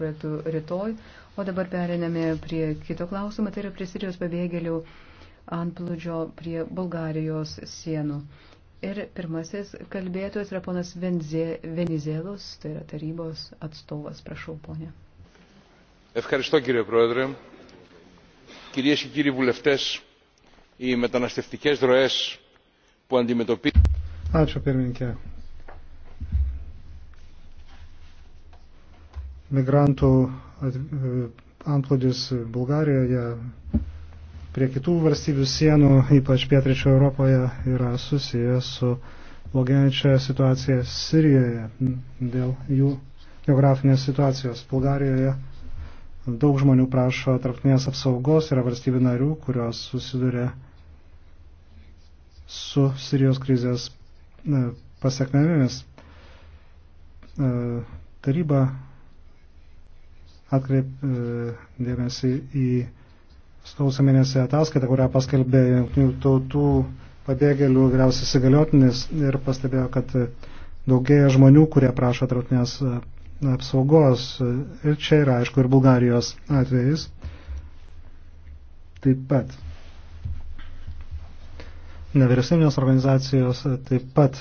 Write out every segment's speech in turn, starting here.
projektų rytoj. O dabar periname prie kito klausimo, tai yra prie Sirijos pabėgėlių antplūdžio prie Bulgarijos sienų. Ir pirmasis kalbėtojas yra ponas Venizėlos, tai yra tarybos atstovas, prašau, ponė. Ευχαριστώ κύριε Πρόεδρε. Κυρίες και κύριοι βουλευτές, οι μεταναστευτικές ροές που αντιμετωπίζουν... Ačiū pirmininkė. migrantų e, antplūdis Bulgarijoje prie kitų valstybių sienų, ypač pietričio Europoje, yra susijęs su blogėjančia situacija Sirijoje dėl jų geografinės situacijos. Bulgarijoje daug žmonių prašo tarptinės apsaugos, yra valstybių narių, kurios susiduria su Sirijos krizės e, pasiekmėmis. E, taryba atkreip e, dėmesį į sausio mėnesį ataskaitą, kurią paskelbė jungtinių tautų pabėgėlių vyriausias įgaliotinis ir pastebėjo, kad daugėja žmonių, kurie prašo trautinės e, apsaugos. Ir čia yra, aišku, ir Bulgarijos atvejais. Taip pat. Nevyriausybinės organizacijos e, taip pat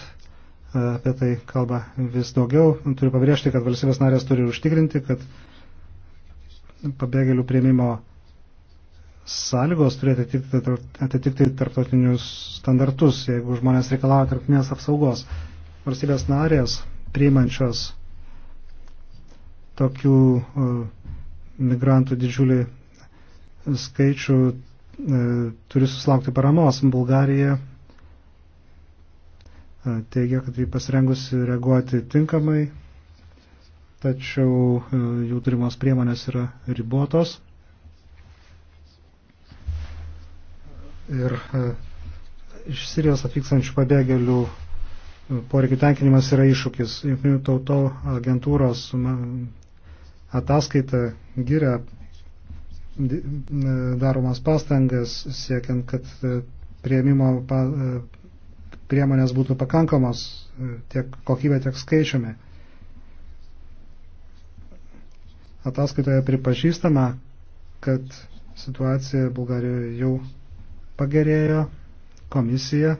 apie tai kalba vis daugiau. Turiu pabrėžti, kad valstybės narės turi užtikrinti, kad pabėgėlių prieimimo sąlygos turėtų atitikti, atitikti tarptautinius standartus, jeigu žmonės reikalauja tarptautinės apsaugos. Varsybės narės priimančios tokių e, migrantų didžiulį skaičių e, turi susilaukti paramos. Bulgarija e, teigia, kad jį pasirengusi reaguoti tinkamai tačiau e, jų turimos priemonės yra ribotos. Ir e, iš Sirijos atvykstančių pabėgėlių e, poreikių tenkinimas yra iššūkis. Junktinių tauto agentūros ataskaita giria daromas pastangas siekiant, kad prieimimo priemonės būtų pakankamos tiek kokybė, tiek skaičiumi. Ataskaitoje pripažįstama, kad situacija Bulgarijoje jau pagerėjo, komisija, e,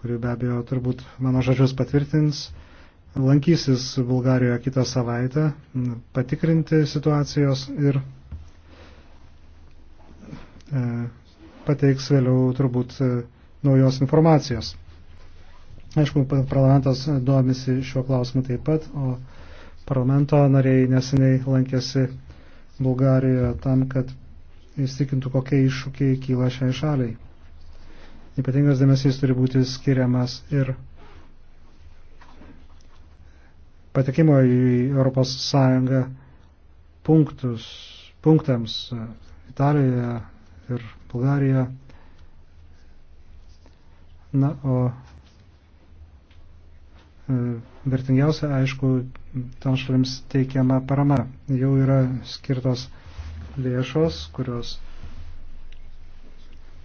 kuri be abejo turbūt mano žodžius patvirtins, lankysis Bulgarijoje kitą savaitę patikrinti situacijos ir e, pateiks vėliau turbūt e, naujos informacijos. Aišku, parlamentas duomisi šiuo klausimu taip pat, o Parlamento nariai neseniai lankėsi Bulgarijoje tam, kad įstikintų, kokie iššūkiai kyla šiai šaliai. Ypatingas dėmesys turi būti skiriamas ir patekimo į Europos Sąjungą punktus, punktams e, Italijoje ir Bulgarijoje. Na, o e, vertingiausia, aišku, tom šalims teikiama parama. Jau yra skirtos lėšos, kurios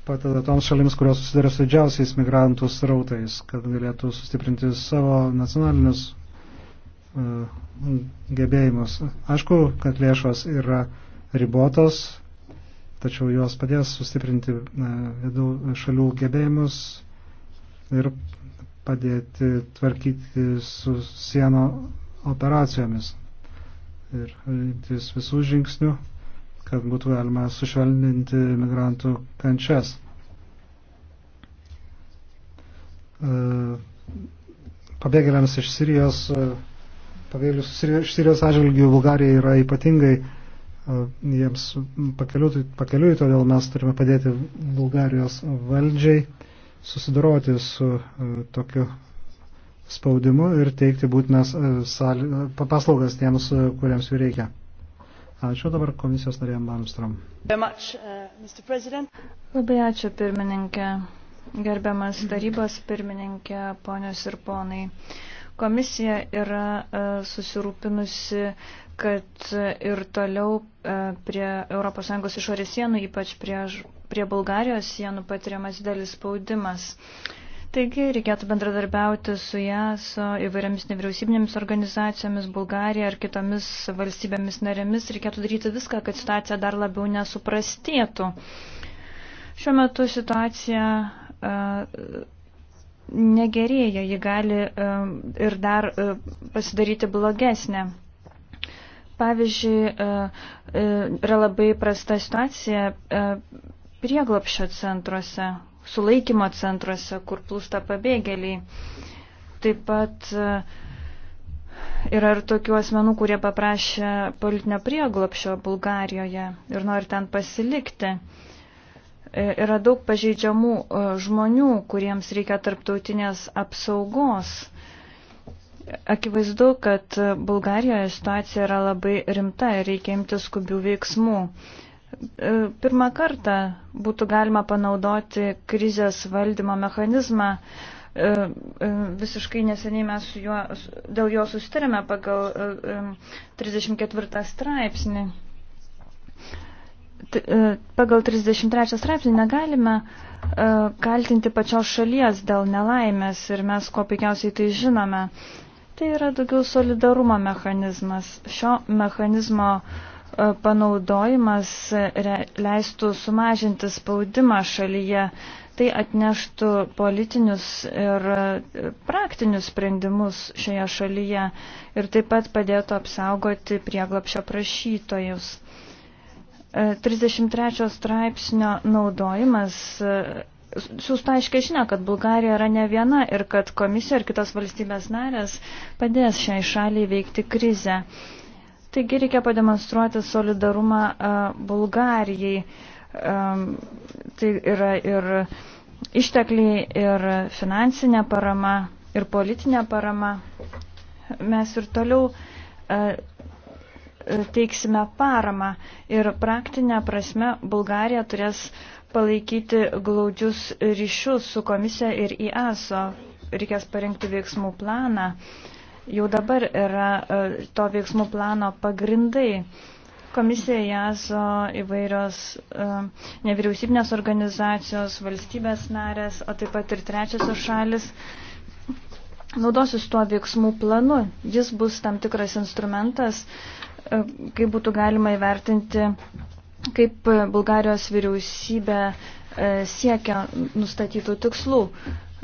padeda toms šalims, kurios susiduria su didžiausiais migrantų srautais, kad galėtų sustiprinti savo nacionalinius uh, gebėjimus. Aišku, kad lėšos yra ribotos, tačiau jos padės sustiprinti uh, šalių gebėjimus ir padėti tvarkyti su sieno operacijomis ir imtis visų žingsnių, kad būtų galima sušvelninti migrantų kančias. E, pabėgėliams iš Sirijos, e, pabėgėlius iš Sirijos atžvilgių Bulgarija yra ypatingai e, jiems pakeliui, pakeliui, todėl mes turime padėti Bulgarijos valdžiai susidoroti su tokiu spaudimu ir teikti būtinas e, paslaugas tiems, e, kuriems jų reikia. Ačiū dabar komisijos narėm Malmstrom. Uh, Labai ačiū pirmininkė, gerbiamas tarybos pirmininkė, ponios ir ponai. Komisija yra e, susirūpinusi, kad ir toliau prie ES išorės sienų, ypač prie, prie Bulgarijos sienų patiriamas didelis spaudimas. Taigi reikėtų bendradarbiauti su ją, su įvairiamis nevyriausybinėmis organizacijomis, Bulgarija ar kitomis valstybėmis narėmis. Reikėtų daryti viską, kad situacija dar labiau nesuprastėtų. Šiuo metu situacija uh, negerėja, ji gali uh, ir dar uh, pasidaryti blogesnė. Pavyzdžiui, uh, uh, yra labai prasta situacija uh, prieglopšio centruose sulaikymo centruose, kur plūsta pabėgėliai. Taip pat e, yra ir tokių asmenų, kurie paprašė politinio prieglopšio Bulgarijoje ir nori ten pasilikti. E, yra daug pažeidžiamų e, žmonių, kuriems reikia tarptautinės apsaugos. Akivaizdu, kad Bulgarijoje situacija yra labai rimta ir reikia imti skubių veiksmų. E, pirmą kartą būtų galima panaudoti krizės valdymo mechanizmą. E, e, visiškai neseniai mes su juo, dėl jo susitarėme pagal 34 straipsnį. Pagal 33 straipsnį negalime kaltinti pačios šalies dėl nelaimės ir mes kuo puikiausiai tai žinome. Tai yra daugiau solidarumo mechanizmas. Šio mechanizmo uh, panaudojimas leistų sumažinti spaudimą šalyje. Tai atneštų politinius ir praktinius sprendimus šioje šalyje ir taip pat padėtų apsaugoti prieglapšio prašytojus. 33 e, straipsnio naudojimas e, siūstų aiškiai žinia, kad Bulgarija yra ne viena ir kad komisija ir kitos valstybės narės padės šiai šaliai veikti krizę. Taigi reikia pademonstruoti solidarumą Bulgarijai. Tai yra ir ištekliai, ir finansinė parama, ir politinė parama. Mes ir toliau teiksime paramą ir praktinę prasme Bulgarija turės palaikyti glaudžius ryšius su komisija ir IASO. Reikės parengti veiksmų planą. Uh, Jau dabar yra e, to veiksmų plano pagrindai. Komisija jazo įvairios e, nevyriausybinės organizacijos, valstybės narės, o taip pat ir trečiosios šalis naudosis tuo veiksmų planu. Jis bus tam tikras instrumentas, e, kaip būtų galima įvertinti, kaip Bulgarijos vyriausybė siekia nustatytų tikslų.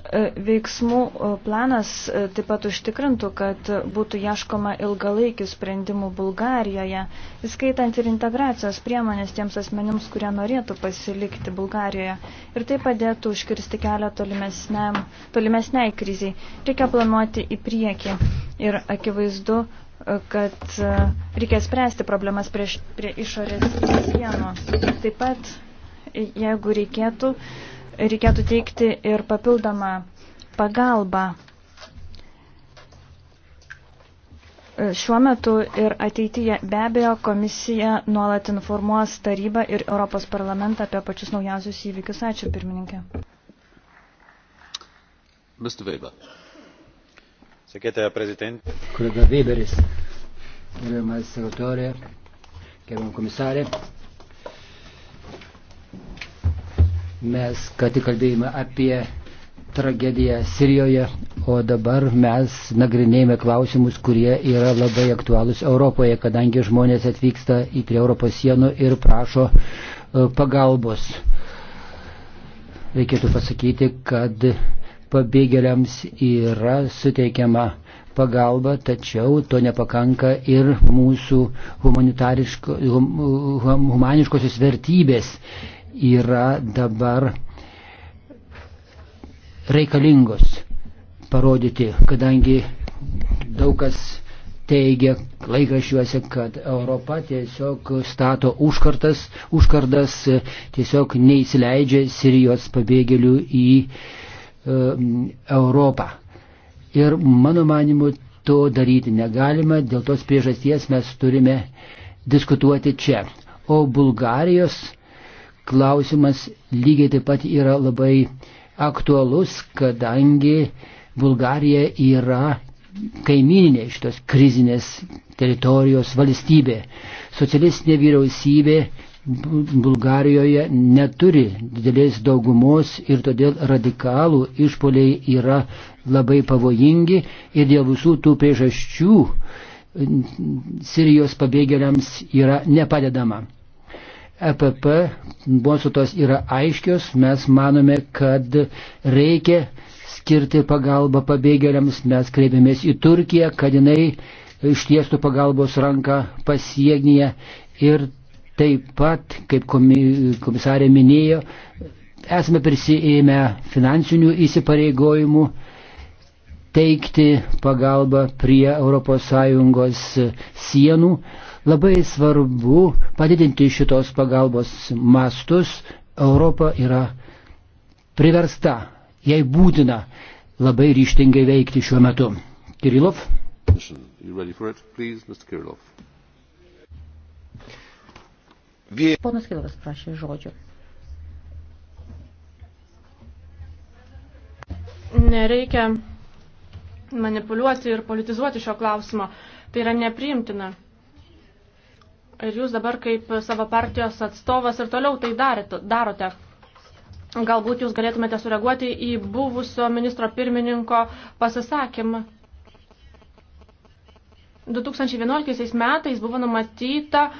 E, veiksmų e, planas e, taip pat užtikrintų, kad būtų ieškoma ilgalaikių sprendimų Bulgarijoje, įskaitant ir integracijos priemonės tiems asmenims, kurie norėtų pasilikti Bulgarijoje. Ir tai padėtų užkirsti kelią tolimesniai kriziai. Reikia planuoti į priekį. Ir akivaizdu, kad reikia spręsti problemas prieš, prie išorės sienų. Taip pat, jeigu reikėtų, uh, reikėtų teikti ir papildomą pagalbą šiuo metu ir ateityje be abejo komisija nuolat informuos tarybą ir Europos parlamentą apie pačius naujausius įvykius. Ačiū pirmininkė. Mr. Weber. Sakėte, prezidentė. Kolega Weberis, gerbiamas sekretorė, gerbiam komisarė. Mes ką tik kalbėjome apie tragediją Sirijoje, o dabar mes nagrinėjame klausimus, kurie yra labai aktualūs Europoje, kadangi žmonės atvyksta į prie Europos sienų ir prašo e, pagalbos. Reikėtų pasakyti, kad pabėgėliams yra suteikiama pagalba, tačiau to nepakanka ir mūsų humaniškosios vertybės yra dabar reikalingos parodyti, kadangi daug kas teigia laikrašiuose, kad Europa tiesiog stato užkartas, užkardas, tiesiog neįsileidžia Sirijos pabėgėlių į e, Europą. Ir mano manimu, to daryti negalima, dėl tos priežasties mes turime diskutuoti čia. O Bulgarijos klausimas lygiai taip pat yra labai aktualus, kadangi Bulgarija yra kaimininė šitos krizinės teritorijos valstybė. Socialistinė vyriausybė Bulgarijoje neturi didelės daugumos ir todėl radikalų išpoliai yra labai pavojingi ir dėl visų tų priežasčių Sirijos pabėgėliams yra nepadedama. EPP nuostatos yra aiškios, mes manome, kad reikia skirti pagalbą pabėgėliams, mes kreipiamės į Turkiją, kad jinai ištiestų pagalbos ranką pasienyje ir taip pat, kaip komisarė minėjo, esame prisijėmę finansinių įsipareigojimų teikti pagalbą prie ES sienų Labai svarbu padidinti šitos pagalbos mastus. Europa yra priversta, jai būtina labai ryštingai veikti šiuo metu. Kirilov. Ponas Kilovas prašė žodžio. Nereikia manipuliuoti ir politizuoti šio klausimo. Tai yra nepriimtina. Ir jūs dabar kaip savo partijos atstovas ir toliau tai darote. Galbūt jūs galėtumėte sureaguoti į buvusio ministro pirmininko pasisakymą. 2011 metais buvo numatyta e,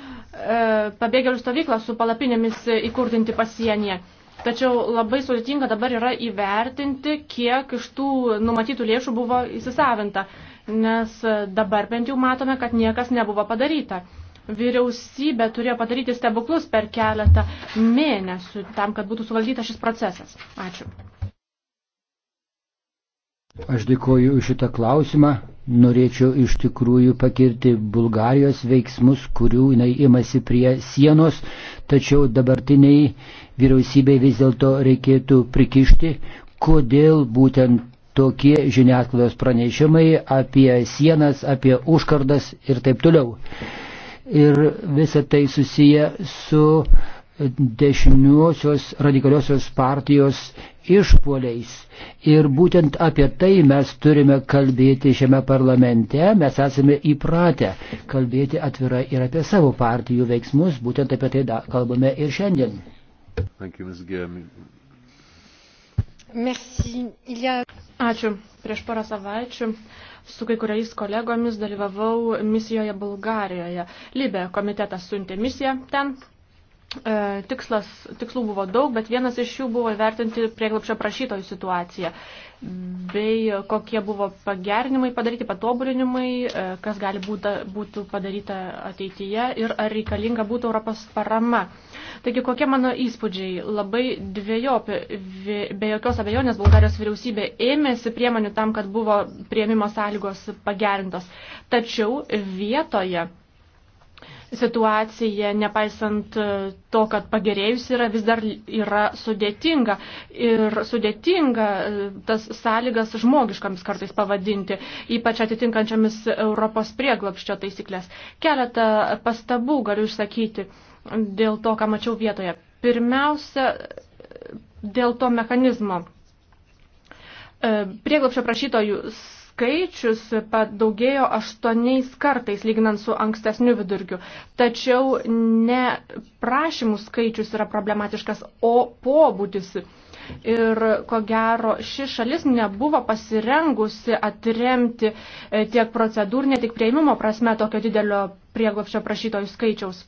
pabėgėlių stovyklą su palapinėmis įkurdinti pasienyje. Tačiau labai sudėtinga dabar yra įvertinti, kiek iš tų numatytų lėšų buvo įsisavinta, nes dabar bent jau matome, kad niekas nebuvo padaryta vyriausybė turėjo padaryti stebuklus per keletą mėnesių tam, kad būtų suvaldytas šis procesas. Ačiū. Aš dėkoju už šitą klausimą. Norėčiau iš tikrųjų pakirti Bulgarijos veiksmus, kurių jinai imasi prie sienos, tačiau dabartiniai vyriausybei vis dėlto reikėtų prikišti, kodėl būtent tokie žiniasklaidos pranešimai apie sienas, apie užkardas ir taip toliau ir visa tai susiję su dešiniosios radikaliosios partijos išpoliais. Ir būtent apie tai mes turime kalbėti šiame parlamente, mes esame įpratę kalbėti atvirai ir apie savo partijų veiksmus, būtent apie tai da, kalbame ir šiandien. Thank you, Ms. Merci. Il y a... Ačiū. Prieš porą savaičių su kai kuriais kolegomis dalyvavau misijoje Bulgarijoje. Libė komitetas siuntė misiją ten. E, tikslas, tikslų buvo daug, bet vienas iš jų buvo įvertinti prieglapšio prašytojų situaciją, bei kokie buvo pagerinimai padaryti, patobulinimai, e, kas gali būta, būtų padaryta ateityje ir ar reikalinga būtų Europos parama. Taigi, kokie mano įspūdžiai? Labai dviejopi, be jokios abejonės, Bulgarijos vyriausybė ėmėsi priemonių tam, kad buvo prieimimo sąlygos pagerintos. Tačiau vietoje situacija, nepaisant e, to, kad pagerėjus yra, vis dar yra sudėtinga. Ir sudėtinga e, tas sąlygas žmogiškams kartais pavadinti, ypač atitinkančiamis Europos prieglapščio taisyklės. Keletą pastabų galiu išsakyti dėl to, ką mačiau vietoje. Pirmiausia, dėl to mechanizmo. E, prieglapščio prašytojus skaičius padaugėjo aštuoniais kartais, lyginant su ankstesniu vidurkiu. Tačiau ne prašymų skaičius yra problematiškas, o pobūdis. Ir ko gero, ši šalis nebuvo pasirengusi atremti e, tiek procedūrinė, tiek prieimimo prasme tokio didelio prieglopščio prašytojų skaičiaus.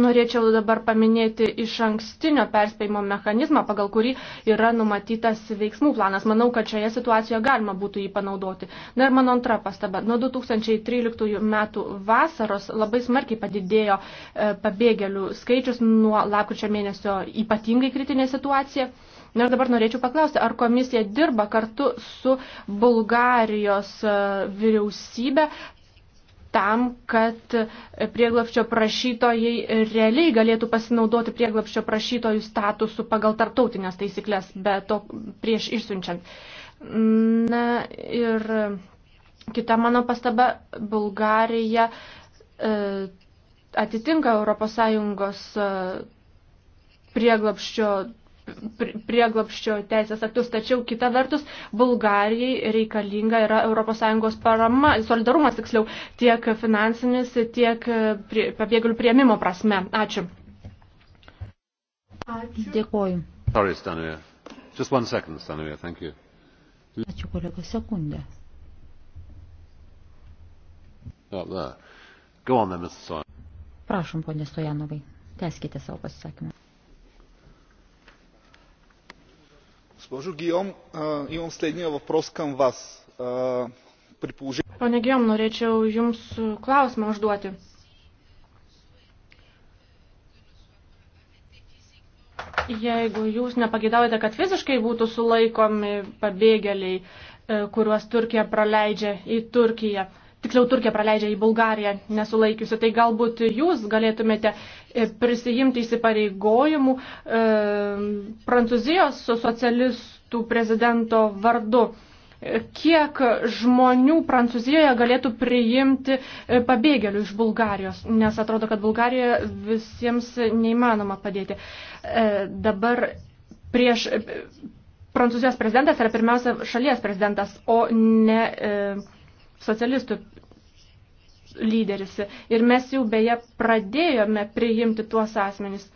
Norėčiau dabar paminėti iš ankstinio perspėjimo mechanizmą, pagal kurį yra numatytas veiksmų planas. Manau, kad šioje situacijoje galima būtų jį panaudoti. Na ir mano antra pastaba. Nuo 2013 metų vasaros labai smarkiai padidėjo e, pabėgėlių skaičius nuo lapkričio mėnesio ypatingai kritinė situacija. Na ir dabar norėčiau paklausti, ar komisija dirba kartu su Bulgarijos e, vyriausybė tam, kad prieglapščio prašytojai realiai galėtų pasinaudoti prieglapščio prašytojų statusu pagal tarptautinės taisyklės, bet to prieš išsiunčiant. Na ir kita mano pastaba, Bulgarija e, atitinka ES e, prieglapščio prieglapščio teisės aktus, tačiau kita vertus Bulgarijai reikalinga yra ES parama, solidarumas tiksliau, tiek finansinis, tiek prie, pabėgėlių prieimimo prasme. Ačiū. Ačiū. Dėkoju. Sorry, Stanuja. Just one second, Stanuja. Thank you. Ačiū, kolega, sekundę. Up there. Go on then, Mr. Soyan. Prašom, ponė Stojanovai, tęskite savo pasisakymą. Госпожо Гиом, имам следния въпрос към вас. При положение... Pane Gijom, norėčiau Jums klausimą užduoti. Jeigu Jūs nepagidaujate, kad fiziškai būtų sulaikomi pabėgėliai, e, kuriuos Turkija praleidžia į Turkiją, tiksliau Turkija praleidžia į Bulgariją nesulaikiusi, tai galbūt jūs galėtumėte e, prisijimti įsipareigojimų e, Prancūzijos socialistų prezidento vardu. E, kiek žmonių Prancūzijoje galėtų priimti e, pabėgėlių iš Bulgarijos, nes atrodo, kad Bulgarijoje visiems neįmanoma padėti. E, dabar prieš e, Prancūzijos prezidentas yra pirmiausia šalies prezidentas, o ne. E, socialistų lyderis. Ir mes jau beje pradėjome priimti tuos asmenys.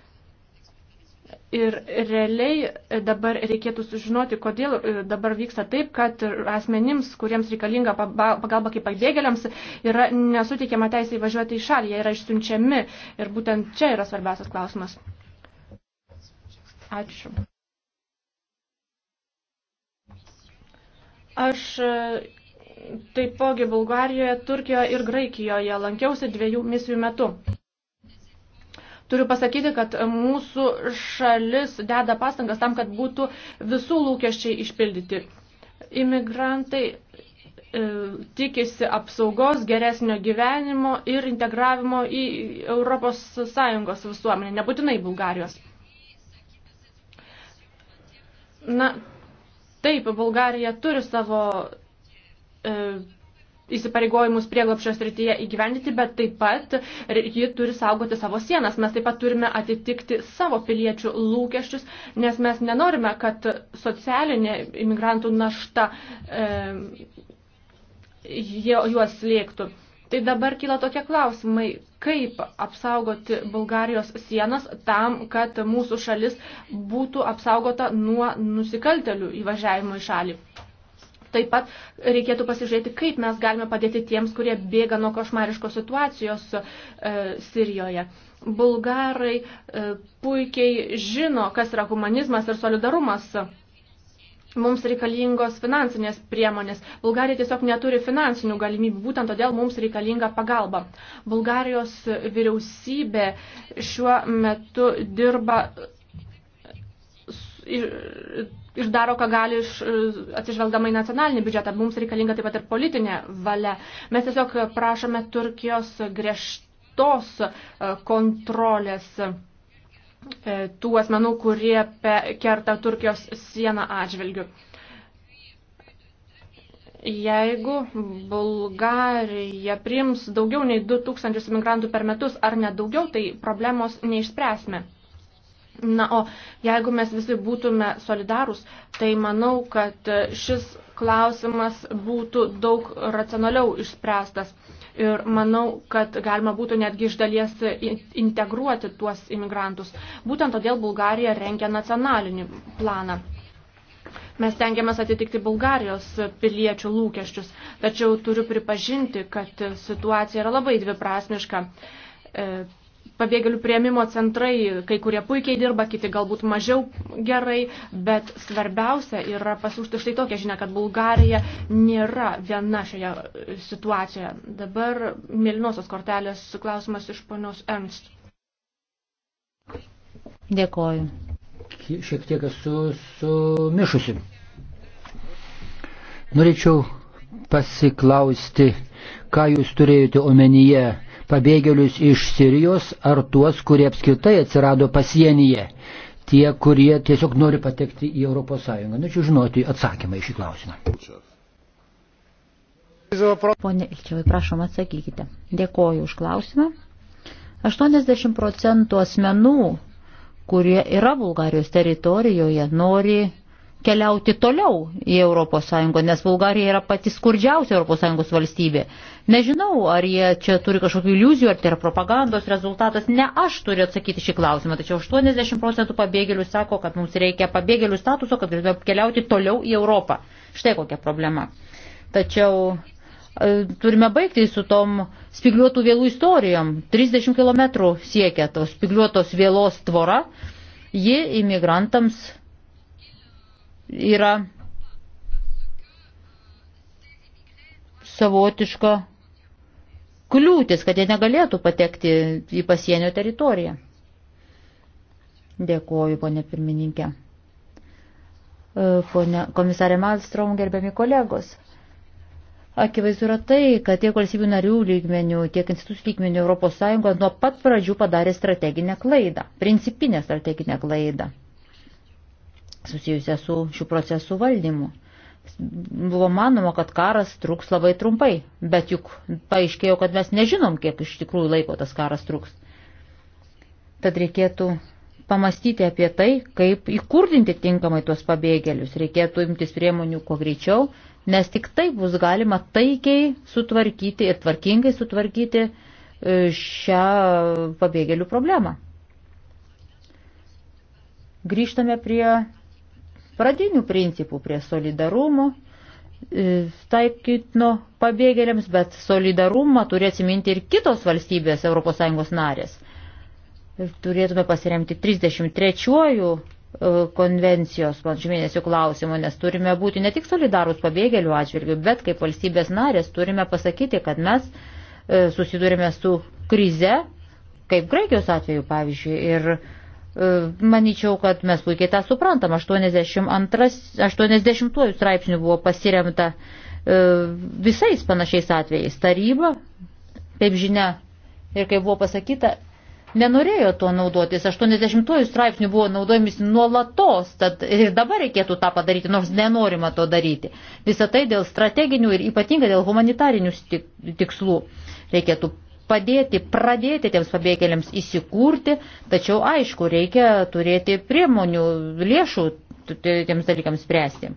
Ir realiai dabar reikėtų sužinoti, kodėl e, dabar vyksta taip, kad asmenims, kuriems reikalinga pagalba kaip pabėgėliams, yra nesuteikiama teisė įvažiuoti į šalį, jie yra išsiunčiami. Ir būtent čia yra svarbiausias klausimas. Ačiū. Aš taipogi Bulgarijoje, Turkijoje ir Graikijoje lankiausi dviejų misijų metu. Turiu pasakyti, kad mūsų šalis deda pastangas tam, kad būtų visų lūkesčiai išpildyti. Imigrantai e, tikisi apsaugos, geresnio gyvenimo ir integravimo į ES visuomenę, nebūtinai Bulgarijos. Na, taip, Bulgarija turi savo E, įsipareigojimus prieglapšio srityje įgyvendyti, bet taip pat ji turi saugoti savo sienas. Mes taip pat turime atitikti savo piliečių lūkesčius, nes mes nenorime, kad socialinė imigrantų našta e, juos lėktų. Tai dabar kyla tokie klausimai, kaip apsaugoti Bulgarijos sienas tam, kad mūsų šalis būtų apsaugota nuo nusikaltelių įvažiavimo į šalį. Taip pat reikėtų pasižiūrėti, kaip mes galime padėti tiems, kurie bėga nuo košmariškos situacijos e, Sirijoje. Bulgarai e, puikiai žino, kas yra humanizmas ir solidarumas. Mums reikalingos finansinės priemonės. Bulgarija tiesiog neturi finansinių galimybių, būtent todėl mums reikalinga pagalba. Bulgarijos vyriausybė šiuo metu dirba ir daro, ką gali iš, e, atsižvelgdama į nacionalinį biudžetą. Mums reikalinga taip pat ir politinė valia. Mes tiesiog prašome Turkijos griežtos e, kontrolės e, tų asmenų, kurie kerta Turkijos sieną atžvilgių. Jeigu Bulgarija priims daugiau nei 2000 imigrantų per metus ar net daugiau, tai problemos neišspręsime. Na, o jeigu mes visi būtume solidarūs, tai manau, kad šis klausimas būtų daug racionaliau išspręstas. Ir manau, kad galima būtų netgi iš dalies integruoti tuos imigrantus. Būtent todėl Bulgarija rengia nacionalinį planą. Mes tengiamės atitikti Bulgarijos piliečių lūkesčius, tačiau turiu pripažinti, kad situacija yra labai dviprasmiška e, pabėgėlių prieimimo centrai, kai kurie puikiai dirba, kiti galbūt mažiau gerai, bet svarbiausia yra pasiūsti štai tokią žinią, kad Bulgarija nėra viena šioje situacijoje. Dabar mėlynosios kortelės klausimas iš ponios Ernst. Dėkoju. Šiek tiek esu sumišusi. Norėčiau pasiklausti, ką jūs turėjote omenyje pabėgėlius iš Sirijos ar tuos, kurie apskritai atsirado pasienyje, tie, kurie tiesiog nori patekti į ES. Norėčiau žinoti atsakymą į šį klausimą. Pone Ilčiavai, prašom atsakykite. Dėkoju už klausimą. 80 procentų asmenų, kurie yra Bulgarijos teritorijoje, nori keliauti toliau į ES, nes Bulgarija yra pati skurdžiausia ES valstybė. Nežinau, ar jie čia turi kažkokių iliuzijų, ar tai yra propagandos rezultatas. Ne aš turiu atsakyti šį klausimą, tačiau 80 procentų pabėgėlių sako, kad mums reikia pabėgėlių statuso, kad galėtume keliauti toliau į Europą. Štai kokia problema. Tačiau e, turime baigti su tom spigliuotų vėlų istorijom. 30 km siekia tos spigliuotos vėlos tvora. Ji imigrantams yra savotiška kliūtis, kad jie negalėtų patekti į pasienio teritoriją. Dėkuoju, ponė pirmininkė. E, Pone komisarė Malstrom, gerbiami kolegos. Akivaizdu yra tai, kad tiek valstybių narių lygmenių, tiek institucijų lygmenių ES nuo pat pradžių padarė strateginę klaidą, principinę strateginę klaidą susijusią su šių procesų valdymu. Buvo manoma, kad karas truks labai trumpai, bet juk paaiškėjo, kad mes nežinom, kiek iš tikrųjų laiko tas karas truks. Tad reikėtų pamastyti apie tai, kaip įkurdinti tinkamai tuos pabėgėlius. Reikėtų imtis priemonių kuo greičiau, nes tik taip bus galima taikiai sutvarkyti ir tvarkingai sutvarkyti e, šią pabėgėlių problemą. Grįžtame prie pradinių principų prie solidarumo e, taikytino pabėgėliams, bet solidarumą turi atsiminti ir kitos valstybės ES narės. Turėtume pasiremti 33-uoju e, konvencijos žemėnesių klausimo, nes turime būti ne tik solidarūs pabėgėlių atžvilgių, bet kaip valstybės narės turime pasakyti, kad mes e, susidurime su krize, kaip Graikijos atveju pavyzdžiui, ir E, Maničiau, kad mes puikiai tą suprantam. 82, 80 straipsnių buvo pasiremta e, visais panašiais atvejais. Taryba, kaip žinia, ir kaip buvo pasakyta, nenorėjo tuo naudotis. 80 straipsnių buvo naudojamis nuolatos, tad ir dabar reikėtų tą padaryti, nors nenorima to daryti. Visą tai dėl strateginių ir ypatingai dėl humanitarinių tikslų. Reikėtų padėti, pradėti tiems pabėgėliams įsikurti, tačiau aišku, reikia turėti priemonių, lėšų tiems dalykams spręsti.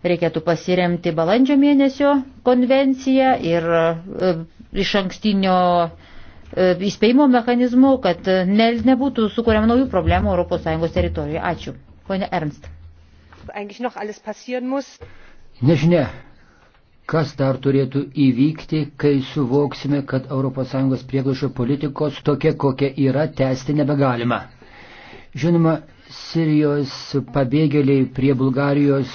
Reikėtų pasiremti balandžio mėnesio konvenciją ir e, iš ankstinio e, įspėjimo mechanizmu, kad ne, nebūtų sukūrėm naujų problemų ES teritorijoje. Ačiū. Pone Ernst. Nežinia, kas dar turėtų įvykti, kai suvoksime, kad ES prieglašio politikos tokia, kokia yra, tęsti nebegalima. Žinoma, Sirijos pabėgėliai prie Bulgarijos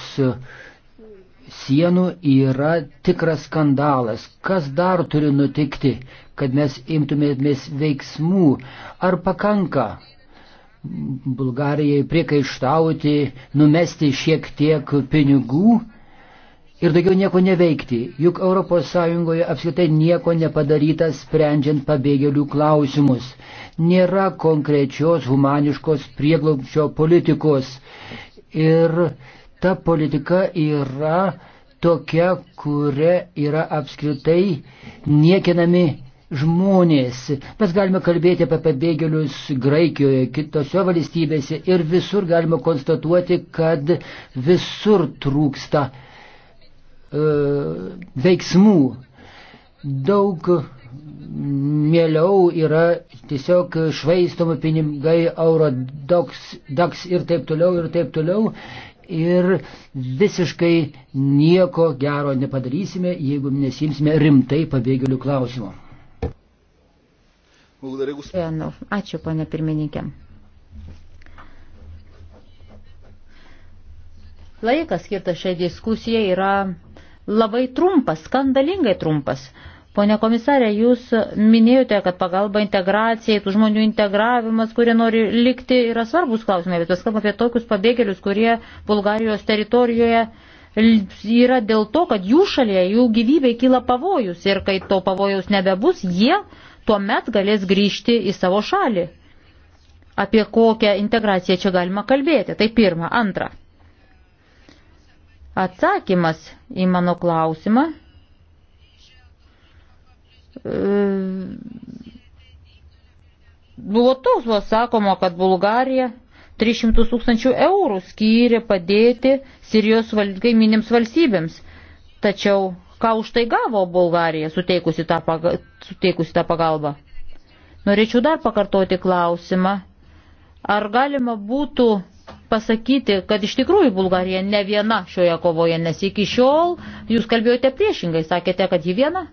sienų yra tikras skandalas. Kas dar turi nutikti, kad mes imtumėmės veiksmų? Ar pakanka Bulgarijai priekaištauti, numesti šiek tiek pinigų? ir daugiau nieko neveikti, juk ES apskritai nieko nepadaryta sprendžiant pabėgėlių klausimus. Nėra konkrečios humaniškos prieglaupčio politikos. Ir ta politika yra tokia, kuria yra apskritai niekinami žmonės. Mes galime kalbėti apie pabėgėlius Graikijoje, kitose valstybėse ir visur galime konstatuoti, kad visur trūksta E, veiksmų. Daug mieliau yra tiesiog švaistomi pinigai, euro, doks, doks ir taip toliau ir taip toliau. Ir visiškai nieko gero nepadarysime, jeigu nesimsime rimtai pabėgėlių klausimo. Ačiū, ponė pirmininkė. Laikas skirtas šiai diskusijai yra labai trumpas, skandalingai trumpas. Pone komisarė, jūs minėjote, kad pagalba integracijai, tų žmonių integravimas, kurie nori likti, yra svarbus klausimai, bet mes kalbame apie tokius pabėgėlius, kurie Bulgarijos teritorijoje yra dėl to, kad jų šalyje, jų gyvybei kyla pavojus ir kai to pavojaus nebebus, jie tuomet galės grįžti į savo šalį. Apie kokią integraciją čia galima kalbėti? Tai pirma. Antra. Atsakymas į mano klausimą e, buvo toks, buvo sakoma, kad Bulgarija 300 tūkstančių eurų skyrė padėti Sirijos kaiminims valstybėms. Tačiau ką už tai gavo Bulgarija, suteikusi tą, paga, suteikusi tą pagalbą? Norėčiau dar pakartoti klausimą. Ar galima būtų pasakyti, kad iš tikrųjų Bulgarija ne viena šioje kovoje, nes iki šiol jūs kalbėjote priešingai, sakėte, kad ji viena.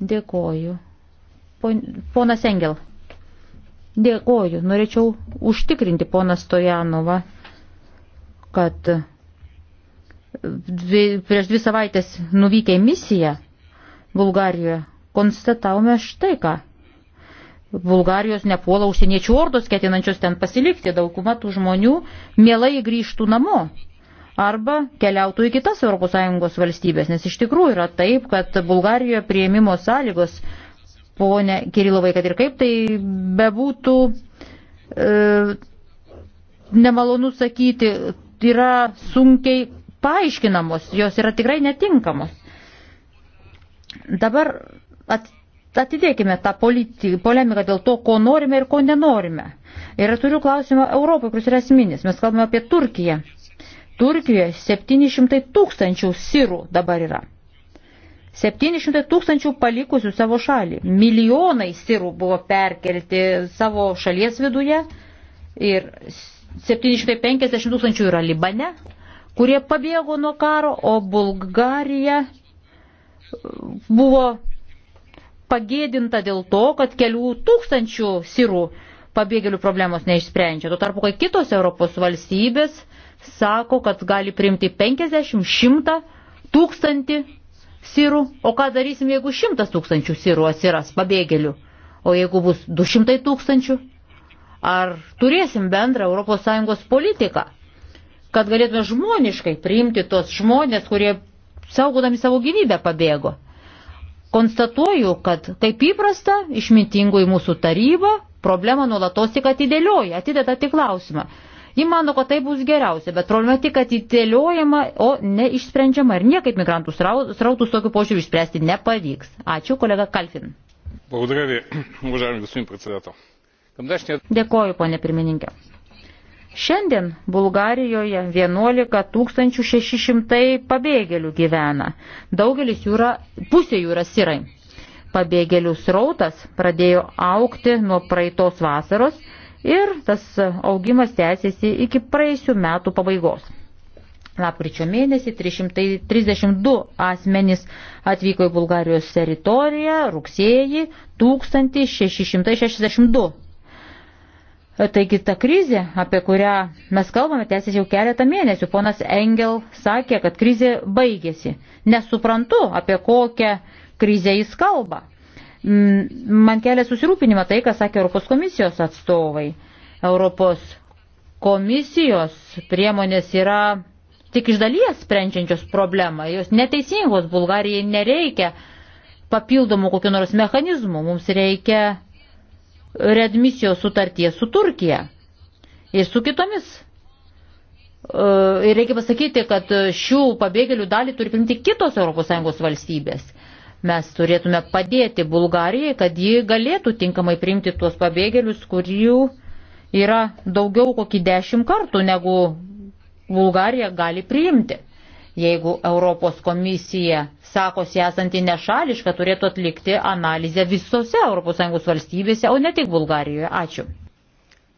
Dėkoju. Ponas Engel. Dėkoju. Norėčiau užtikrinti poną Stojanovą, kad dvi, prieš dvi savaitės nuvykę į misiją Bulgarijoje konstatavome štai ką. Bulgarijos nepuola užsieniečių ordos ketinančios ten pasilikti. Dauguma tų žmonių mielai grįžtų namo arba keliautų į kitas ES valstybės, nes iš tikrųjų yra taip, kad Bulgarijoje prieimimo sąlygos, ponė Kirilovai, kad ir kaip tai bebūtų e, nemalonu sakyti, yra sunkiai paaiškinamos, jos yra tikrai netinkamos. Dabar at, atidėkime tą politi, polemiką dėl to, ko norime ir ko nenorime. Ir turiu klausimą Europai, kuris yra esminis. Mes kalbame apie Turkiją. Turkijoje 700 tūkstančių sirų dabar yra. 700 tūkstančių palikusių savo šalį. Milijonai sirų buvo perkelti savo šalies viduje ir 750 tūkstančių yra Libane, kurie pabėgo nuo karo, o Bulgarija buvo pagėdinta dėl to, kad kelių tūkstančių sirų pabėgėlių problemos neišsprendžia. Tuo tarpu, kai kitos Europos valstybės sako, kad gali priimti 50, 100, 1000 sirų, o ką darysim, jeigu 100 tūkstančių sirų atsiras pabėgėlių, o jeigu bus 200 tūkstančių, ar turėsim bendrą ES politiką, kad galėtume žmoniškai priimti tos žmonės, kurie saugodami savo gyvybę pabėgo konstatuoju, kad kaip įprasta, išmintingų į mūsų tarybą problemą nuolatos tik atidėlioja, atideda tik klausimą. Ji mano, kad tai bus geriausia, bet problema tik atidėliojama, o neišsprendžiama ir niekaip migrantų srautus tokiu požiūriu išspręsti nepavyks. Ačiū, kolega Kalfin. Dėkoju, ponė pirmininkė. Šiandien Bulgarijoje 11 600 pabėgėlių gyvena. Daugelis jų yra, pusė jų yra sirai. Pabėgėlių srautas pradėjo aukti nuo praeitos vasaros ir tas augimas tęsiasi iki praeisių metų pabaigos. Lapkričio mėnesį 332 asmenys atvyko į Bulgarijos teritoriją, rugsėjį 1662 Taigi ta krizė, apie kurią mes kalbame, tęsiasi jau keletą mėnesių. Ponas Engel sakė, kad krizė baigėsi. Nesuprantu, apie kokią krizę jis kalba. Mm, man kelia susirūpinimą tai, ką sakė Europos komisijos atstovai. Europos komisijos priemonės yra tik iš dalies sprendžiančios problemą. Jos neteisingos, Bulgarijai nereikia papildomų kokiu nors mechanizmu. Mums reikia redmisijos sutarties su Turkija ir su kitomis. E, ir reikia pasakyti, kad šių pabėgėlių dalį turi priimti kitos ES valstybės. Mes turėtume padėti Bulgarijai, kad ji galėtų tinkamai priimti tuos pabėgėlius, kurių yra daugiau kokį dešimt kartų, negu Bulgarija gali priimti jeigu Europos komisija sakosi esanti nešališka, turėtų atlikti analizę visose ES valstybėse, o ne tik Bulgarijoje. Ačiū.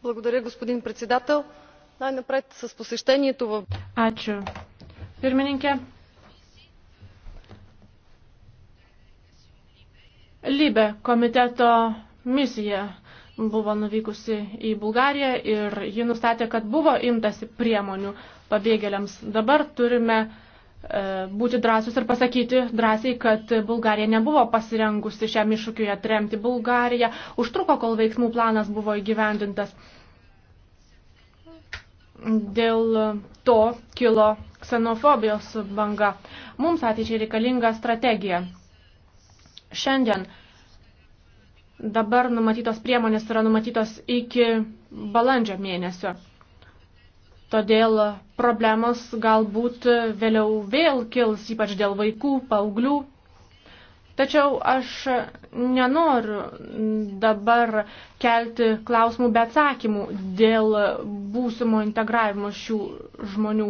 Благодаря, господин председател. Най-напред с посещението в... Ačiū. Pirmininkė. Libe komiteto misija buvo nuvykusi į Bulgariją ir ji nustatė, kad buvo imtasi priemonių pabėgėliams. Dabar turime E, būti drąsus ir pasakyti drąsiai, kad Bulgarija nebuvo pasirengusi šiam iššūkiui atremti. Bulgarija užtruko, kol veiksmų planas buvo įgyvendintas. Dėl to kilo ksenofobijos banga. Mums ateičiai reikalinga strategija. Šiandien dabar numatytos priemonės yra numatytos iki balandžio mėnesio. Todėl problemos galbūt vėliau vėl kils, ypač dėl vaikų, paauglių. Tačiau aš nenoriu dabar kelti klausimų be atsakymų dėl būsimo integravimo šių žmonių.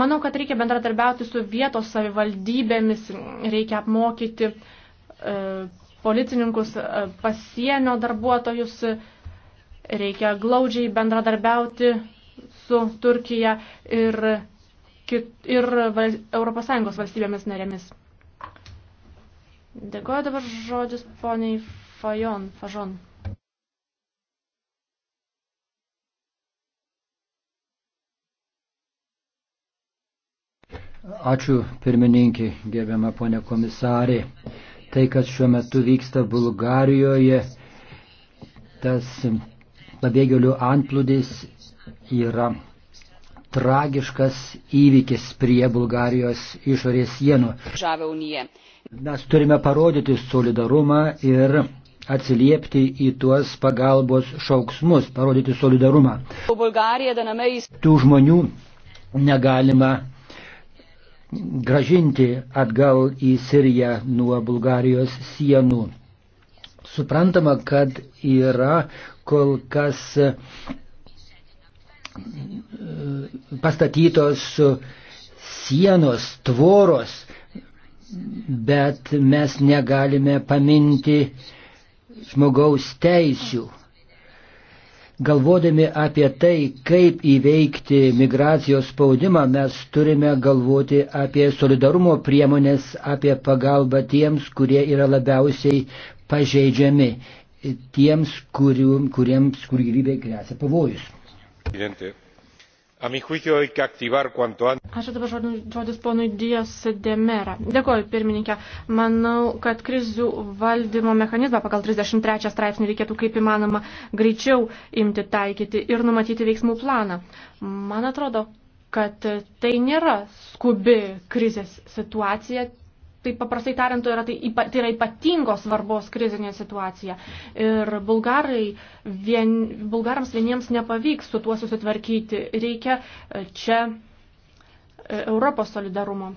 Manau, kad reikia bendradarbiauti su vietos savivaldybėmis, reikia apmokyti e, policininkus, e, pasienio darbuotojus, reikia glaudžiai bendradarbiauti su Turkija ir, kit, ir val, ES valstybėmis narėmis. Dėkuoju dabar žodžius poniai Fajon, Fajon. Ačiū pirmininkė, gerbiama ponė komisarė. Tai, kas šiuo metu vyksta Bulgarijoje, tas pabėgėlių antplūdis yra tragiškas įvykis prie Bulgarijos išorės sienų. Mes turime parodyti solidarumą ir atsiliepti į tuos pagalbos šauksmus, parodyti solidarumą. Tų žmonių negalima gražinti atgal į Siriją nuo Bulgarijos sienų. Suprantama, kad yra kol kas pastatytos sienos, tvoros, bet mes negalime paminti žmogaus teisių. Galvodami apie tai, kaip įveikti migracijos spaudimą, mes turime galvoti apie solidarumo priemonės, apie pagalbą tiems, kurie yra labiausiai pažeidžiami, tiems, kurių, kuriems kur gyvybė grėsia pavojus. Ačiū dabar žodis ponui Dijas Demera. Dėkoju, pirmininkė. Manau, kad krizių valdymo mechanizmą pagal 33 straipsnį reikėtų kaip įmanoma greičiau imti taikyti ir numatyti veiksmų planą. Man atrodo, kad tai nėra skubi krizės situacija, tai paprastai tariant, yra tai, ypa, tai yra ypatingos svarbos krizinė situacija. Ir bulgarai, vien, bulgarams vieniems nepavyks su tuo susitvarkyti. Reikia e, čia e, Europos solidarumo.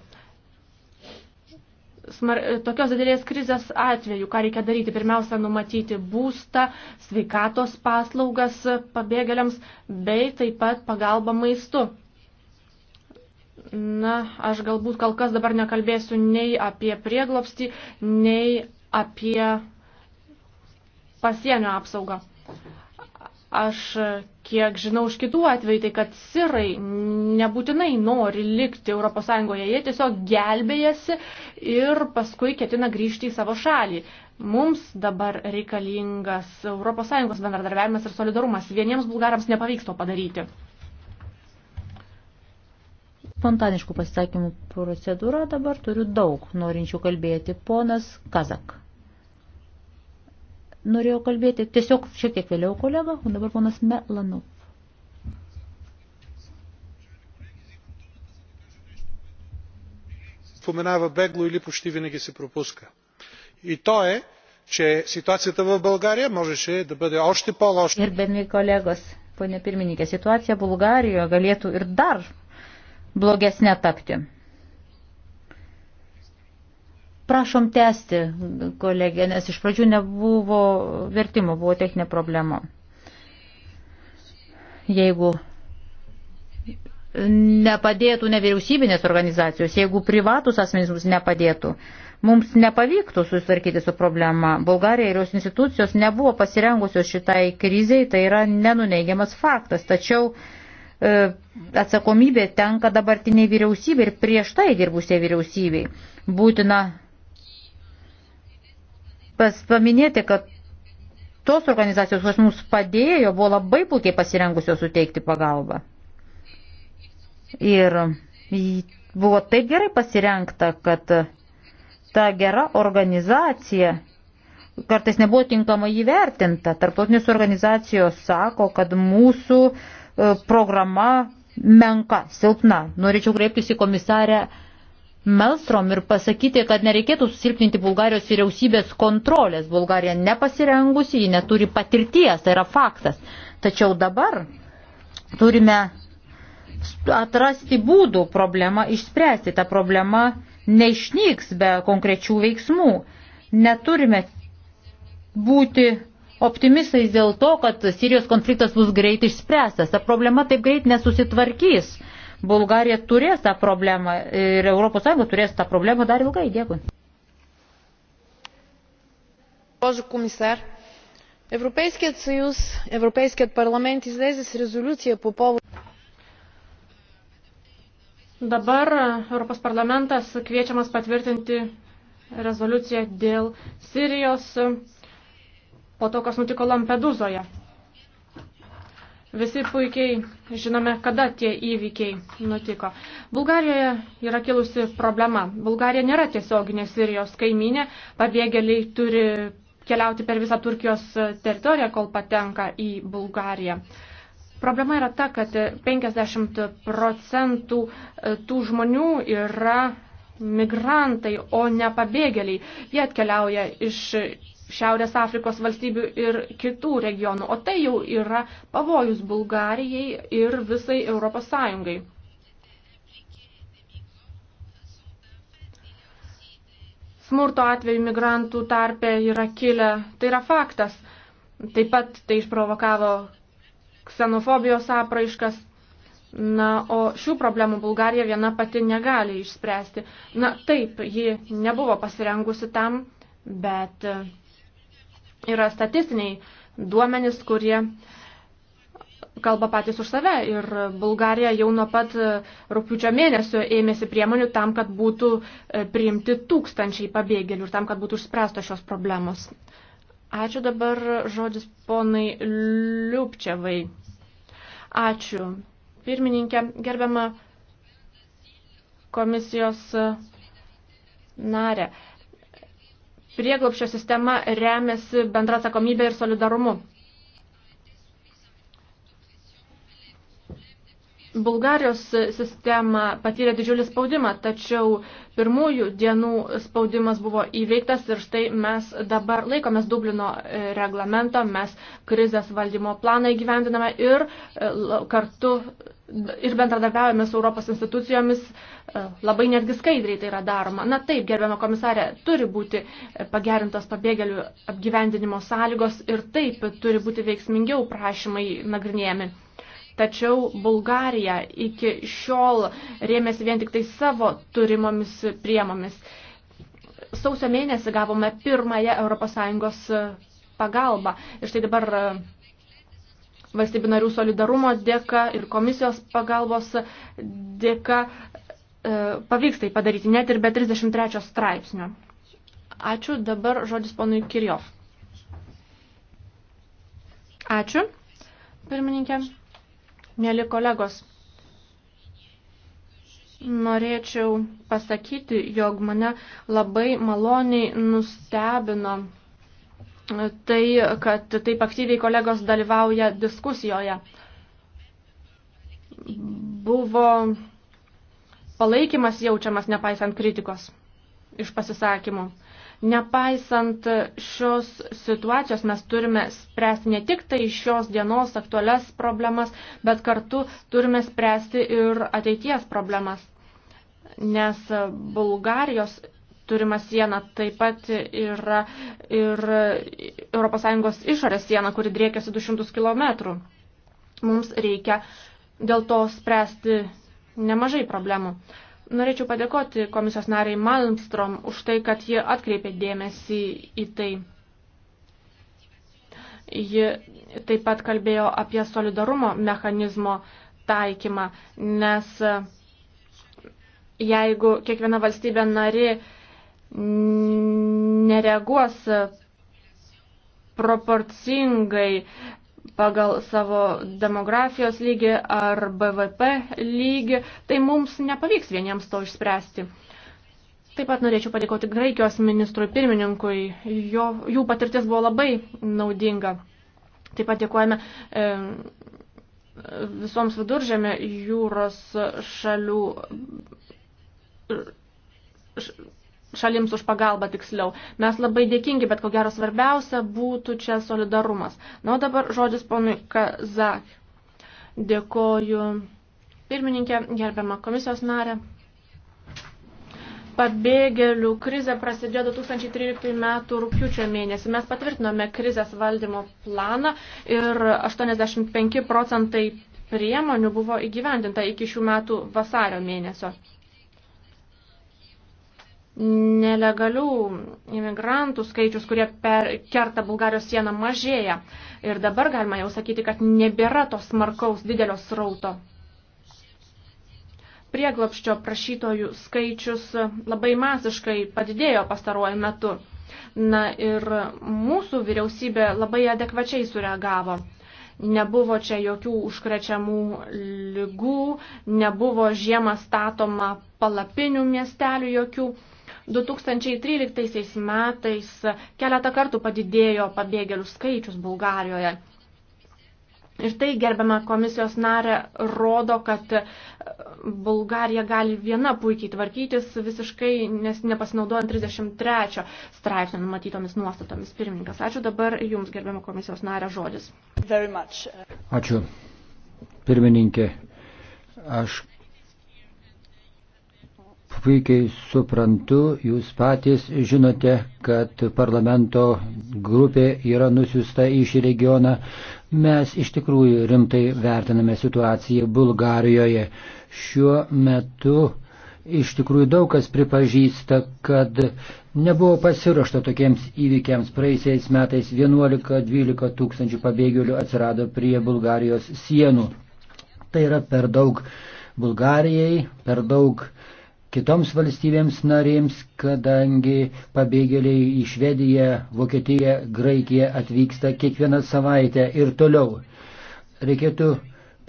Smar, e, tokios didelės krizės atveju, ką reikia daryti, pirmiausia, numatyti būstą, sveikatos paslaugas pabėgėliams bei taip pat pagalbą maistu. Na, aš galbūt kol kas dabar nekalbėsiu nei apie prieglopstį, nei apie pasienio apsaugą. Aš kiek žinau iš kitų atvejų, tai kad sirai nebūtinai nori likti ES, jie tiesiog gelbėjasi ir paskui ketina grįžti į savo šalį. Mums dabar reikalingas ES bendradarbiavimas ir solidarumas. Vieniems bulgarams nepavyks to padaryti spontaniškų pasisakymų procedūra, dabar turiu daug norinčių kalbėti. Ponas Kazak. Norėjau kalbėti tiesiog šiek tiek vėliau kolega, o dabar ponas Melanov. споменава бегло или почти винаги се пропуска. И то е, че ситуацията в България можеше да бъде още по-лоша. Gerbiami kolegos, ponė pirmininkė, situacija Bulgarijoje galėtų ir dar blogesnė tapti. Prašom tęsti, kolegė, nes iš pradžių nebuvo vertimo, buvo techninė problema. Jeigu nepadėtų nevyriausybinės organizacijos, jeigu privatus asmenys mums nepadėtų, mums nepavyktų susitvarkyti su problema. Bulgarija ir jos institucijos nebuvo pasirengusios šitai kriziai, tai yra nenuneigiamas faktas. Tačiau uh, E, atsakomybė tenka dabartiniai vyriausybė ir prieš tai dirbusiai vyriausybei. Būtina pas, paminėti, kad tos organizacijos, kurios mums padėjo, buvo labai puikiai pasirengusios suteikti pagalbą. Ir buvo taip gerai pasirengta, kad ta gera organizacija kartais nebuvo tinkamai įvertinta. Tarptautinės organizacijos sako, kad mūsų uh, E, programa menka, silpna. Norėčiau kreiptis į komisarę Melstrom ir pasakyti, kad nereikėtų susilpninti Bulgarijos vyriausybės kontrolės. Bulgarija nepasirengusi, ji neturi patirties, tai yra faktas. Tačiau dabar turime atrasti būdų problemą išspręsti. Ta problema neišnyks be konkrečių veiksmų. Neturime būti optimistais dėl to, kad Sirijos konfliktas bus greit išspręstas. Ta problema taip greit nesusitvarkys. Bulgarija turės tą problemą ir ES turės tą problemą dar ilgai. Dėkui. Госпожо комисар, Европейският съюз, Европейският парламент излезе с резолюция по повод. Dabar Europos parlamentas kviečiamas patvirtinti rezoliuciją dėl Sirijos po to, kas nutiko Lampedūzoje. Visi puikiai žinome, kada tie įvykiai nutiko. Bulgarijoje yra kilusi problema. Bulgarija nėra tiesioginė Sirijos kaiminė, pabėgėliai turi keliauti per visą Turkijos teritoriją, kol patenka į Bulgariją. Problema yra ta, kad 50 procentų e, tų žmonių yra migrantai, o ne pabėgėliai. Jie atkeliauja iš Šiaurės Afrikos valstybių ir kitų regionų, o tai jau yra pavojus Bulgarijai ir visai Europos Sąjungai. Smurto atveju migrantų tarpe yra kilę, tai yra faktas. Taip pat tai išprovokavo ksenofobijos apraiškas. Na, o šių problemų Bulgarija viena pati negali išspręsti. Na, taip, ji nebuvo pasirengusi tam, bet yra statistiniai duomenys, kurie kalba patys už save. Ir Bulgarija jau nuo pat rūpiučio mėnesio ėmėsi priemonių tam, kad būtų e, priimti tūkstančiai pabėgėlių ir tam, kad būtų išspręsto šios problemos. Ačiū dabar žodis ponai Liupčiavai. Ačiū. Pirmininkė, gerbiama komisijos e, narė. Prieglopščio sistema remiasi bendra atsakomybė ir solidarumu. Bulgarijos sistema patyrė didžiulį spaudimą, tačiau pirmųjų dienų spaudimas buvo įveiktas ir štai mes dabar laikomės Dublino reglamento, mes krizės valdymo planą įgyvendiname ir e, kartu ir bendradarbiavame su Europos institucijomis e, labai netgi skaidriai tai yra daroma. Na taip, gerbiama komisarė, turi būti pagerintos pabėgėlių apgyvendinimo sąlygos ir taip turi būti veiksmingiau prašymai nagrinėjami. Tačiau Bulgarija iki šiol rėmėsi vien tik tai savo turimomis priemomis. Sausio mėnesį gavome pirmąją ES pagalbą. Ir štai dabar valstybių narių solidarumo dėka ir komisijos pagalbos dėka e, pavyks tai padaryti net ir be 33 straipsnio. Ačiū. Dabar žodis ponui Kirjov. Ačiū, pirmininkė. Mėly kolegos, norėčiau pasakyti, jog mane labai maloniai nustebino tai, kad taip aktyviai kolegos dalyvauja diskusijoje. Buvo palaikymas jaučiamas nepaisant kritikos iš pasisakymų. Nepaisant šios situacijos mes turime spręsti ne tik tai šios dienos aktualias problemas, bet kartu turime spręsti ir ateities problemas. Nes Bulgarijos turima siena taip pat yra ir ES išorės siena, kuri driekiasi 200 km. Mums reikia dėl to spręsti nemažai problemų. Norėčiau padėkoti komisijos nariai Malmstrom už tai, kad ji atkreipė dėmesį į tai. Ji taip pat kalbėjo apie solidarumo mechanizmo taikymą, nes jeigu kiekviena valstybė nari nereaguos proporcingai pagal savo demografijos lygį ar BVP lygį, tai mums nepavyks vieniems to išspręsti. Taip pat norėčiau padėkoti Graikijos ministrui pirmininkui, jo, jų patirtis buvo labai naudinga. Taip pat dėkojame e, visoms viduržėme jūros šalių š, šalims už pagalbą tiksliau. Mes labai dėkingi, bet ko gero svarbiausia būtų čia solidarumas. Na, o dabar žodis ponui Kazak. Dėkoju pirmininkė, gerbiama komisijos narė. Pabėgėlių krizė prasidėjo 2013 m. rūpiučio mėnesį. Mes patvirtinome krizės valdymo planą ir 85 procentai priemonių buvo įgyvendinta iki šių metų vasario mėnesio nelegalių imigrantų skaičius, kurie per, kerta Bulgarijos sieną, mažėja. Ir dabar galima jau sakyti, kad nebėra to smarkaus didelio srauto. Prieglopščio prašytojų skaičius labai masiškai padidėjo pastaruoju metu. Na ir mūsų vyriausybė labai adekvačiai sureagavo. Nebuvo čia jokių užkrečiamų lygų, nebuvo žiemą statoma palapinių miestelių jokių 2013 metais keletą kartų padidėjo pabėgėlių skaičius Bulgarijoje. Ir tai, gerbiama komisijos narė, rodo, kad e, Bulgarija gali viena puikiai tvarkytis, visiškai nes nepasinaudojant 33 straipsnio numatytomis nuostatomis. Pirmininkas, ačiū dabar Jums, gerbiama komisijos narė, žodis. Ačiū. Pirmininkė, aš puikiai suprantu, jūs patys žinote, kad parlamento grupė yra nusiusta į šį regioną. Mes iš tikrųjų rimtai vertiname situaciją Bulgarijoje. Šiuo metu iš tikrųjų daug kas pripažįsta, kad nebuvo pasiruošta tokiems įvykiams. Praeisiais metais 11-12 tūkstančių pabėgėlių atsirado prie Bulgarijos sienų. Tai yra per daug Bulgarijai, per daug kitoms valstybėms narėms, kadangi pabėgėliai į Švediją, Vokietiją, Graikiją atvyksta kiekvieną savaitę ir toliau. Reikėtų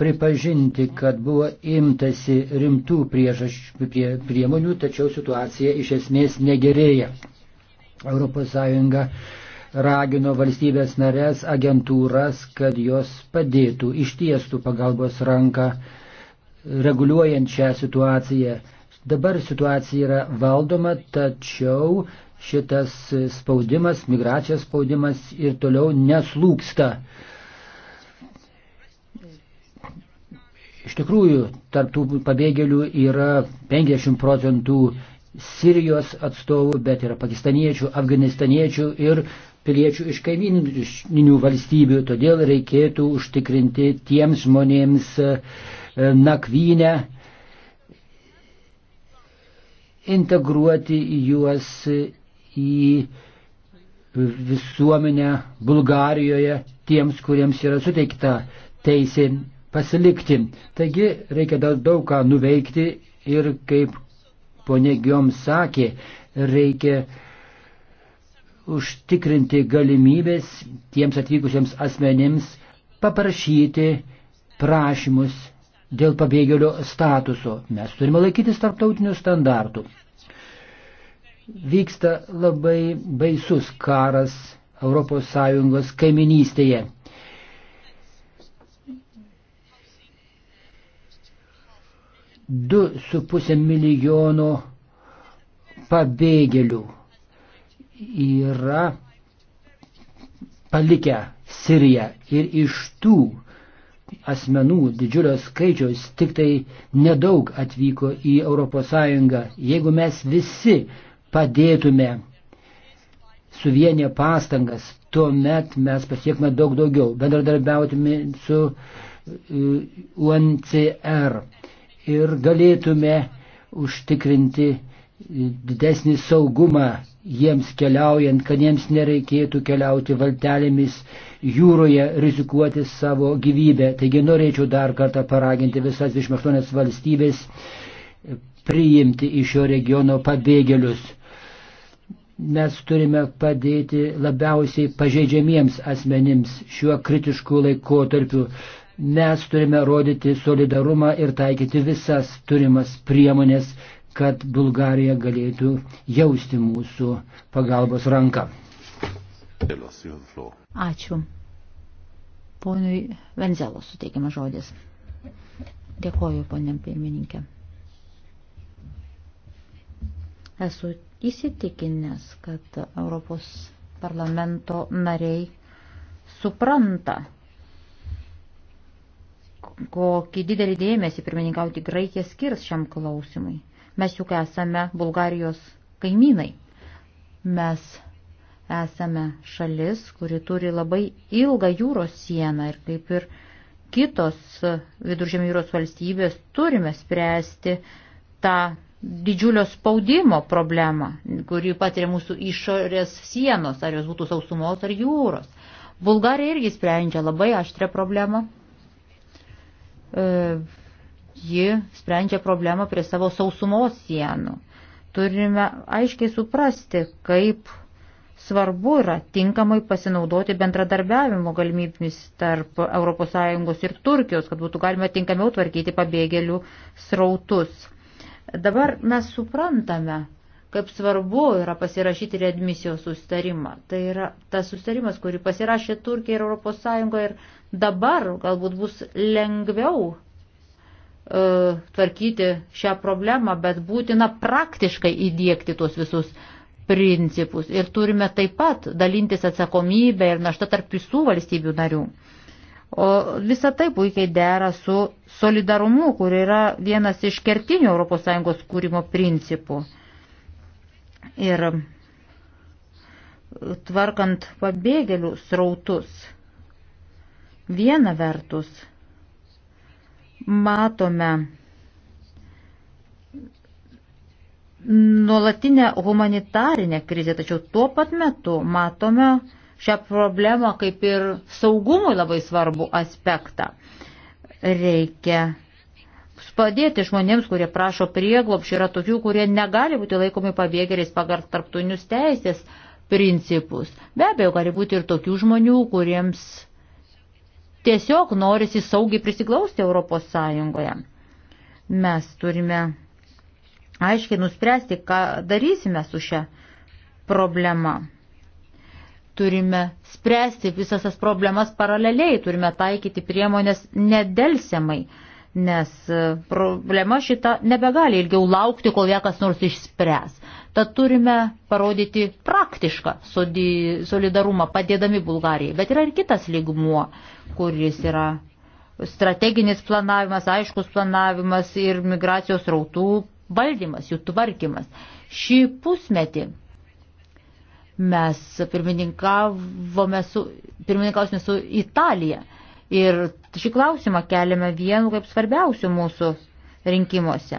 pripažinti, kad buvo imtasi rimtų priežaš, prie, priemonių, tačiau situacija iš esmės negerėja. ES ragino valstybės narės agentūras, kad jos padėtų, ištiestų pagalbos ranką reguliuojant šią situaciją Dabar situacija yra valdoma, tačiau šitas spaudimas, migracijos spaudimas ir toliau neslūksta. Iš tikrųjų, tarptų pabėgėlių yra 50 procentų Sirijos atstovų, bet yra pakistaniečių, afganistaniečių ir piliečių iš kaimininių valstybių. Todėl reikėtų užtikrinti tiems žmonėms e, nakvynę integruoti juos į visuomenę Bulgarijoje tiems, kuriems yra suteikta teisė pasilikti. Taigi reikia dar daug ką nuveikti ir kaip ponė Giom sakė, reikia užtikrinti galimybės tiems atvykusiems asmenims paprašyti prašymus dėl pabėgėlio statuso. Mes turime laikytis tarptautinių standartų. Vyksta labai baisus karas ES kaiminystėje. Du su pusė milijono pabėgėlių yra palikę Siriją ir iš tų asmenų didžiulio skaičiaus tik tai nedaug atvyko į ES. Jeigu mes visi padėtume suvienę pastangas, tuomet mes pasiektume daug daugiau, bendradarbiautume su UNCR uh, ir galėtume užtikrinti didesnį saugumą jiems keliaujant, kad jiems nereikėtų keliauti valtelėmis jūroje, rizikuoti savo gyvybę. Taigi norėčiau dar kartą paraginti visas 28 valstybės priimti iš šio regiono pabėgėlius. Mes turime padėti labiausiai pažeidžiamiems asmenims šiuo kritišku laikotarpiu. Mes turime rodyti solidarumą ir taikyti visas turimas priemonės, kad Bulgarija galėtų jausti mūsų pagalbos ranką. Ačiū. Ponui Venzelos suteikiamas žodis. Dėkoju, ponė pirmininkė. Esu įsitikinęs, kad Europos parlamento nariai supranta, kokį didelį dėmesį pirmininkauti Graikija skirs šiam klausimui. Mes juk esame Bulgarijos kaimynai. Mes esame šalis, kuri turi labai ilgą jūros sieną ir kaip ir kitos viduržėmio jūros valstybės turime spręsti tą didžiulio spaudimo problemą, kurį patiria mūsų išorės sienos, ar jos būtų sausumos ar jūros. Bulgarija irgi sprendžia labai aštrę problemą. E, ji sprendžia problemą prie savo sausumos sienų. Turime aiškiai suprasti, kaip svarbu yra tinkamai pasinaudoti bendradarbiavimo galimybėmis tarp ES ir Turkijos, kad būtų galima tinkamiau tvarkyti pabėgėlių srautus. Dabar mes suprantame, kaip svarbu yra pasirašyti readmisijos sustarimą. Tai yra tas sustarimas, kurį pasirašė Turkija ir ES ir dabar galbūt bus lengviau E, tvarkyti šią problemą, bet būtina praktiškai įdėkti tuos visus principus. Ir turime taip pat dalintis atsakomybę ir naštą tarp visų valstybių narių. O visa tai puikiai dera su solidarumu, kur yra vienas iš kertinių ES kūrimo principų. Ir tvarkant pabėgėlių srautus, viena vertus matome nuolatinę humanitarinę krizę, tačiau tuo pat metu matome šią problemą kaip ir saugumui labai svarbų aspektą. Reikia padėti žmonėms, kurie prašo prieglopšį, yra tokių, kurie negali būti laikomi pabėgėliais pagal tarptautinius teisės principus. Be abejo, gali būti ir tokių žmonių, kuriems tiesiog norisi saugiai prisiglausti Europos Sąjungoje. Mes turime aiškiai nuspręsti, ką darysime su šia problema. Turime spręsti visas tas problemas paraleliai, turime taikyti priemonės nedelsiamai nes e, problema šita nebegali ilgiau laukti, kol ją kas nors išspręs. Tad turime parodyti praktišką solidarumą padėdami Bulgarijai. Bet yra ir kitas lygmuo, kuris yra strateginis planavimas, aiškus planavimas ir migracijos rautų valdymas, jų tvarkymas. Šį pusmetį mes pirmininkausime su Italija Ir šį klausimą keliame vienu kaip svarbiausių mūsų rinkimuose.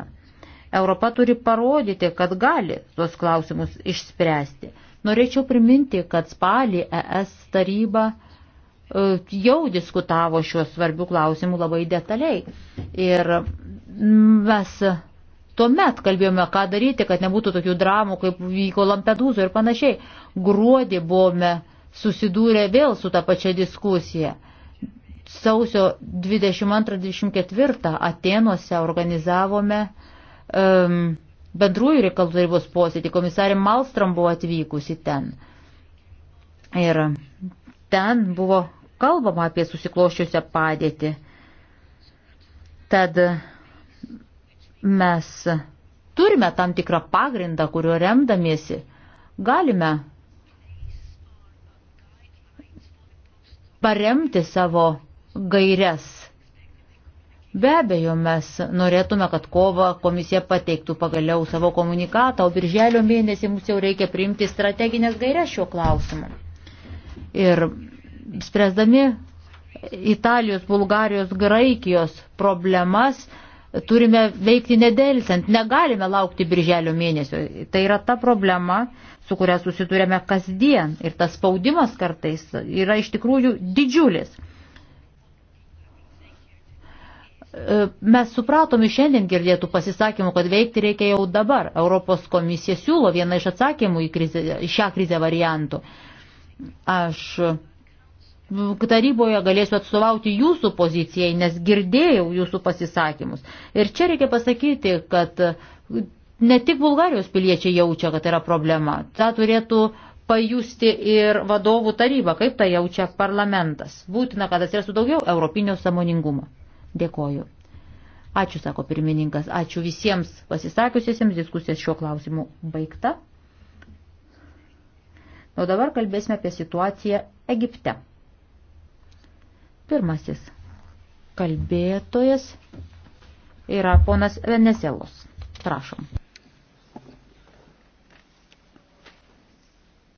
Europa turi parodyti, kad gali tuos klausimus išspręsti. Norėčiau priminti, kad spalį ES taryba e, jau diskutavo šiuo svarbių klausimų labai detaliai. Ir mes tuomet kalbėjome, ką daryti, kad nebūtų tokių dramų, kaip vyko Lampedūzo ir panašiai. Gruodį buvome susidūrę vėl su tą pačią diskusiją sausio 22-24 Atenuose organizavome um, bendrųjų reikalų tarybos posėdį. Komisarė Malstram buvo atvykusi ten. Ir ten buvo kalbama apie susikloščiusią padėtį. Tad mes turime tam tikrą pagrindą, kuriuo remdamiesi galime paremti savo gairias. Be abejo, mes norėtume, kad kova komisija pateiktų pagaliau savo komunikatą, o birželio mėnesį mums jau reikia priimti strateginės gairias šiuo klausimu. Ir spręsdami Italijos, Bulgarijos, Graikijos problemas turime veikti nedelsiant, negalime laukti birželio mėnesio. Tai yra ta problema, su kuria susiturėme kasdien ir tas spaudimas kartais yra iš tikrųjų didžiulis. E, mes supratom iš šiandien girdėtų pasisakymų, kad veikti reikia jau dabar. Europos komisija siūlo vieną iš atsakymų į krizę, šią krizę variantų. Aš nu, taryboje galėsiu atstovauti jūsų pozicijai, nes girdėjau jūsų pasisakymus. Ir čia reikia pasakyti, kad ne tik Bulgarijos piliečiai jaučia, kad yra problema. Ta turėtų pajusti ir vadovų taryba, kaip tai jaučia parlamentas. Būtina, kad atsirastų daugiau europinio samoningumo. Dėkoju. Ačiū, sako pirmininkas, ačiū visiems pasisakiusiesiems, diskusijas šiuo klausimu baigta. O dabar kalbėsime apie situaciją Egipte. Pirmasis kalbėtojas yra ponas Veneselos. Prašom.